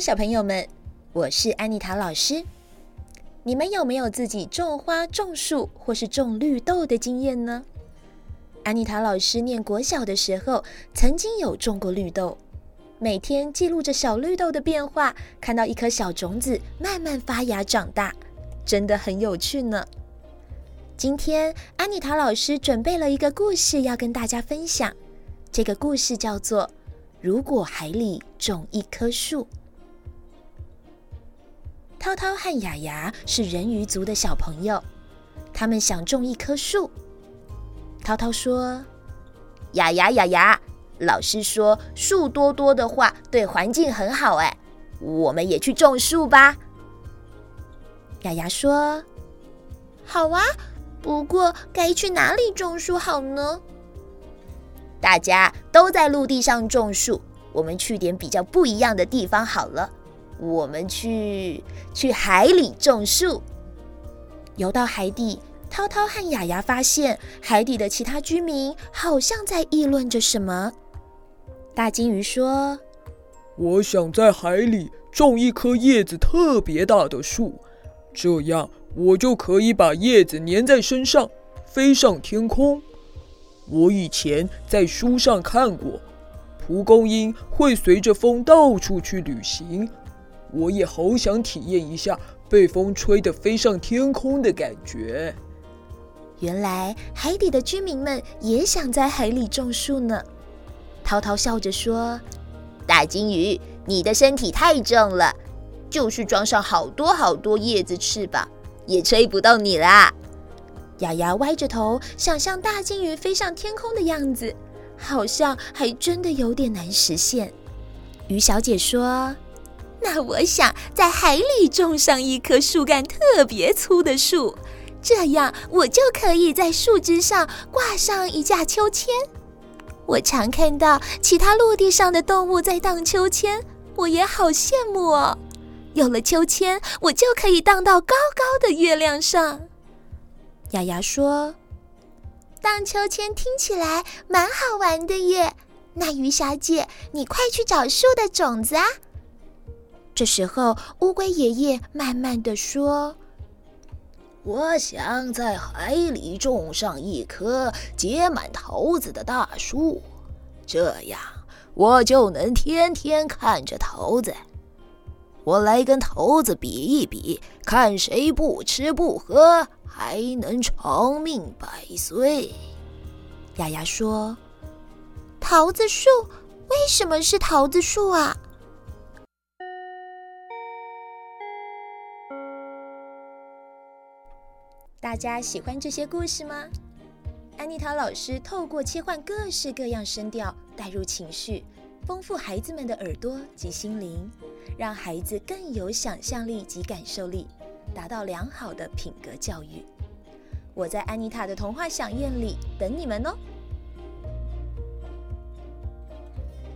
小朋友們，我是安妮塔老師。你們有沒有自己種花、種樹或是種綠豆的經驗呢？安妮塔老師念國小的時候，曾經有種過綠豆，每天記錄着小綠豆的變化，看到一顆小種子慢慢發芽長大，真的很有趣呢。今天安妮塔老師準備了一個故事要跟大家分享，這個故事叫做《如果海裡種一棵樹》。濤濤和雅雅是人魚族的小朋友，他們想種一棵樹。濤濤說：“雅雅，雅雅，老師說樹多多的話對環境很好，哎，我們也去種樹吧。”雅雅說：“好啊，不過該去哪裡種樹好呢？”大家都在陸地上種樹，我們去點比較不一樣的地方好了。我們去去海裡種樹，游到海底，濤濤和雅雅發現海底的其他居民好像在議論着什麼。大金魚說：“我想在海裡種一棵葉子特別大的樹，這樣我就可以把葉子粘在身上，飛上天空。我以前在書上看過，蒲公英會隨着風到處去旅行。”我也好想體驗一下被風吹得飛上天空的感覺。原來海底的居民們也想在海裡種樹呢。濤濤笑着說：“大金魚，你的身體太重了，就是裝上好多好多葉子翅膀，也吹不動你啦。”丫丫歪着頭想象大金魚飛上天空的樣子，好像還真的有點難實現。魚小姐說。那我想在海裡種上一棵樹幹特別粗的樹，這樣我就可以在樹枝上掛上一架秋千。我常看到其他陸地上的動物在荡秋千，我也好羨慕哦。有了秋千，我就可以盪到高高的月亮上。丫丫說：“盪秋千聽起來蠻好玩的耶。”那魚小姐，你快去找樹的種子啊！這時候，烏龜爺爺慢慢地說：“我想在海裡種上一棵結滿桃子的大樹，這樣我就能天天看着桃子。我來跟桃子比一比，看誰不吃不喝還能長命百歲。”丫丫說：“桃子樹為什麼是桃子樹啊？”大家喜歡這些故事嗎？安妮塔老師透過切換各式各樣聲調，帶入情緒，豐富孩子們的耳朵及心靈，讓孩子更有想象力及感受力，達到良好的品格教育。我在安妮塔的童話饗宴裡等你們哦。